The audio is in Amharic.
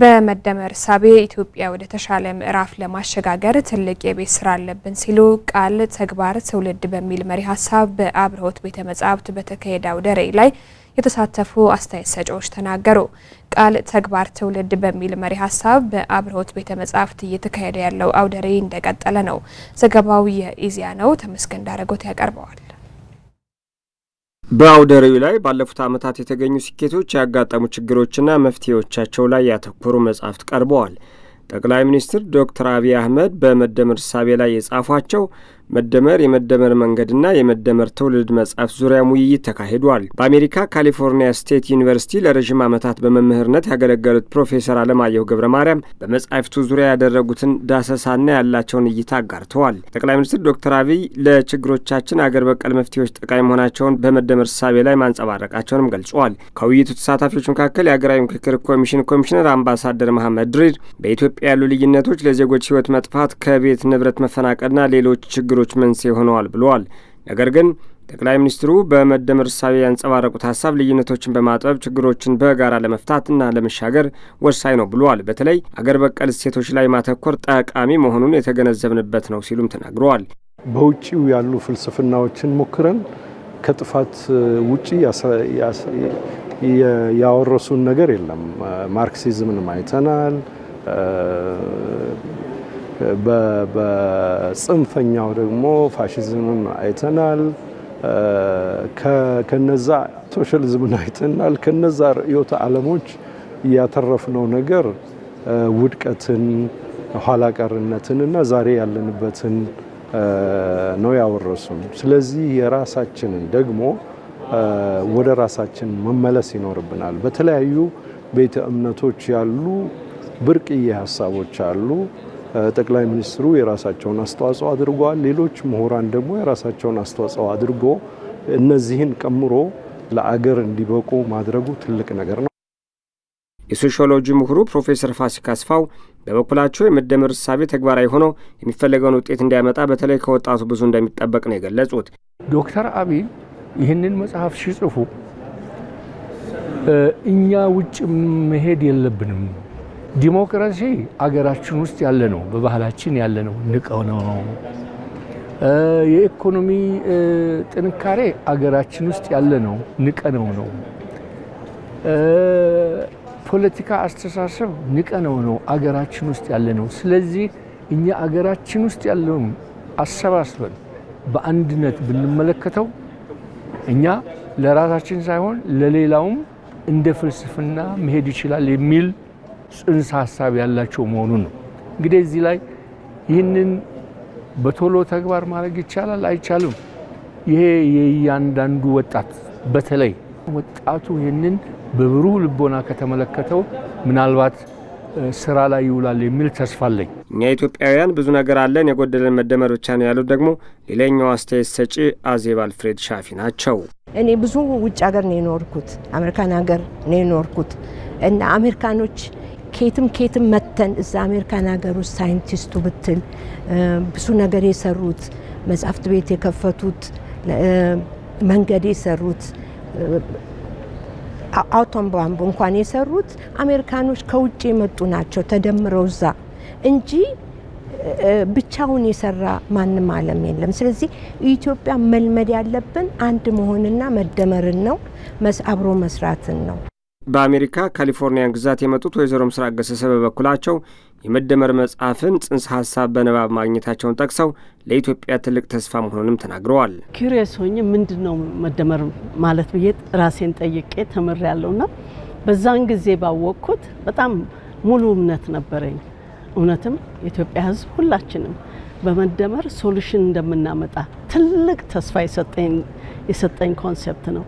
በመደመር ሳቤ ኢትዮጵያ ወደ ተሻለ ምዕራፍ ለማሸጋገር ትልቅ የቤት ስራ አለብን ሲሉ ቃል ተግባር ትውልድ በሚል መሪ ሀሳብ በአብርሆት ቤተ መጻሕፍት በተካሄደ አውደ ርዕይ ላይ የተሳተፉ አስተያየት ሰጪዎች ተናገሩ። ቃል ተግባር ትውልድ በሚል መሪ ሀሳብ በአብርሆት ቤተ መጻሕፍት እየተካሄደ ያለው አውደ ርዕይ እንደቀጠለ ነው። ዘገባው የኢዚያ ነው። ተመስገን ዳረጎት ያቀርበዋል። በአውደ ርዕዩ ላይ ባለፉት ዓመታት የተገኙ ስኬቶች፣ ያጋጠሙ ችግሮችና መፍትሄዎቻቸው ላይ ያተኮሩ መጻሕፍት ቀርበዋል። ጠቅላይ ሚኒስትር ዶክተር አብይ አህመድ በመደመር እሳቤ ላይ የጻፏቸው መደመር የመደመር መንገድና የመደመር ትውልድ መጽሐፍ ዙሪያ ውይይት ተካሂዷል። በአሜሪካ ካሊፎርኒያ ስቴት ዩኒቨርሲቲ ለረዥም ዓመታት በመምህርነት ያገለገሉት ፕሮፌሰር አለማየሁ ገብረ ማርያም በመጻሕፍቱ ዙሪያ ያደረጉትን ዳሰሳና ያላቸውን እይታ አጋርተዋል። ጠቅላይ ሚኒስትር ዶክተር አብይ ለችግሮቻችን አገር በቀል መፍትሄዎች ጠቃሚ መሆናቸውን በመደመር እሳቤ ላይ ማንጸባረቃቸውንም ገልጸዋል። ከውይይቱ ተሳታፊዎች መካከል የሀገራዊ ምክክር ኮሚሽን ኮሚሽነር አምባሳደር መሐመድ ድሪር በኢትዮጵያ ያሉ ልዩነቶች ለዜጎች ህይወት መጥፋት ከቤት ንብረት መፈናቀልና ሌሎች ችግሮች ችግሮች መንስኤ ሆነዋል ብለዋል። ነገር ግን ጠቅላይ ሚኒስትሩ በመደመር እሳቤ ያንጸባረቁት ሀሳብ ልዩነቶችን በማጥበብ ችግሮችን በጋራ ለመፍታት እና ለመሻገር ወሳኝ ነው ብለዋል። በተለይ አገር በቀል እሴቶች ላይ ማተኮር ጠቃሚ መሆኑን የተገነዘብንበት ነው ሲሉም ተናግረዋል። በውጭው ያሉ ፍልስፍናዎችን ሞክረን ከጥፋት ውጪ ያወረሱን ነገር የለም። ማርክሲዝምን አይተናል። በጽንፈኛው ደግሞ ፋሽዝምን አይተናል። ከነዛ ሶሻሊዝምን አይተናል። ከነዛ ርዕዮተ ዓለሞች ያተረፍነው ነገር ውድቀትን፣ ኋላ ቀርነትን እና ዛሬ ያለንበትን ነው ያወረሱም። ስለዚህ የራሳችንን ደግሞ ወደ ራሳችን መመለስ ይኖርብናል። በተለያዩ ቤተ እምነቶች ያሉ ብርቅዬ ሀሳቦች አሉ። ጠቅላይ ሚኒስትሩ የራሳቸውን አስተዋጽኦ አድርጓል። ሌሎች ምሁራን ደግሞ የራሳቸውን አስተዋጽኦ አድርጎ እነዚህን ቀምሮ ለአገር እንዲበቁ ማድረጉ ትልቅ ነገር ነው። የሶሺዮሎጂ ምሁሩ ፕሮፌሰር ፋሲካ አስፋው በበኩላቸው የመደመር እሳቤ ተግባራዊ ሆኖ የሚፈለገውን ውጤት እንዲያመጣ በተለይ ከወጣቱ ብዙ እንደሚጠበቅ ነው የገለጹት። ዶክተር አብይ ይህንን መጽሐፍ ሲጽፉ እኛ ውጭ መሄድ የለብንም ዲሞክራሲ አገራችን ውስጥ ያለ ነው፣ በባህላችን ያለ ነው፣ ንቀው ነው። የኢኮኖሚ ጥንካሬ አገራችን ውስጥ ያለ ነው፣ ንቀነው ነው። ፖለቲካ አስተሳሰብ ንቀነው ነው፣ አገራችን ውስጥ ያለ ነው። ስለዚህ እኛ አገራችን ውስጥ ያለውን አሰባስበን በአንድነት ብንመለከተው እኛ ለራሳችን ሳይሆን ለሌላውም እንደ ፍልስፍና መሄድ ይችላል የሚል ጽንሰ ሀሳብ ያላቸው መሆኑን ነው። እንግዲህ እዚህ ላይ ይህንን በቶሎ ተግባር ማድረግ ይቻላል አይቻልም? ይሄ የእያንዳንዱ ወጣት በተለይ ወጣቱ ይህንን በብሩህ ልቦና ከተመለከተው ምናልባት ስራ ላይ ይውላል የሚል ተስፋ አለኝ። እኛ ኢትዮጵያውያን ብዙ ነገር አለን፣ የጎደለን መደመር ብቻ ነው ያሉት ደግሞ ሌላኛው አስተያየት ሰጪ አዜብ አልፍሬድ ሻፊ ናቸው። እኔ ብዙ ውጭ ሀገር ነው የኖርኩት፣ አሜሪካን ሀገር ነው የኖርኩት እና አሜሪካኖች ኬትም ኬትም መተን እዛ አሜሪካን ሀገር ውስጥ ሳይንቲስቱ ብትል ብዙ ነገር የሰሩት መጽሐፍት ቤት የከፈቱት መንገድ የሰሩት አውቶን ባምብ እንኳን የሰሩት አሜሪካኖች ከውጭ የመጡ ናቸው ተደምረው እዛ እንጂ ብቻውን የሰራ ማንም ዓለም የለም። ስለዚህ ኢትዮጵያ መልመድ ያለብን አንድ መሆንና መደመርን ነው፣ አብሮ መስራትን ነው። በአሜሪካ ካሊፎርኒያ ግዛት የመጡት ወይዘሮ ምስራቅ ገሰሰ በበኩላቸው የመደመር መጽሐፍን ጽንሰ ሀሳብ በንባብ ማግኘታቸውን ጠቅሰው ለኢትዮጵያ ትልቅ ተስፋ መሆኑንም ተናግረዋል። ኪሪየስ ሆኜ ምንድን ነው መደመር ማለት ብዬ ራሴን ጠይቄ ተምሬያለሁና በዛን ጊዜ ባወቅኩት በጣም ሙሉ እምነት ነበረኝ። እውነትም የኢትዮጵያ ሕዝብ ሁላችንም በመደመር ሶሉሽን እንደምናመጣ ትልቅ ተስፋ የሰጠኝ ኮንሴፕት ነው።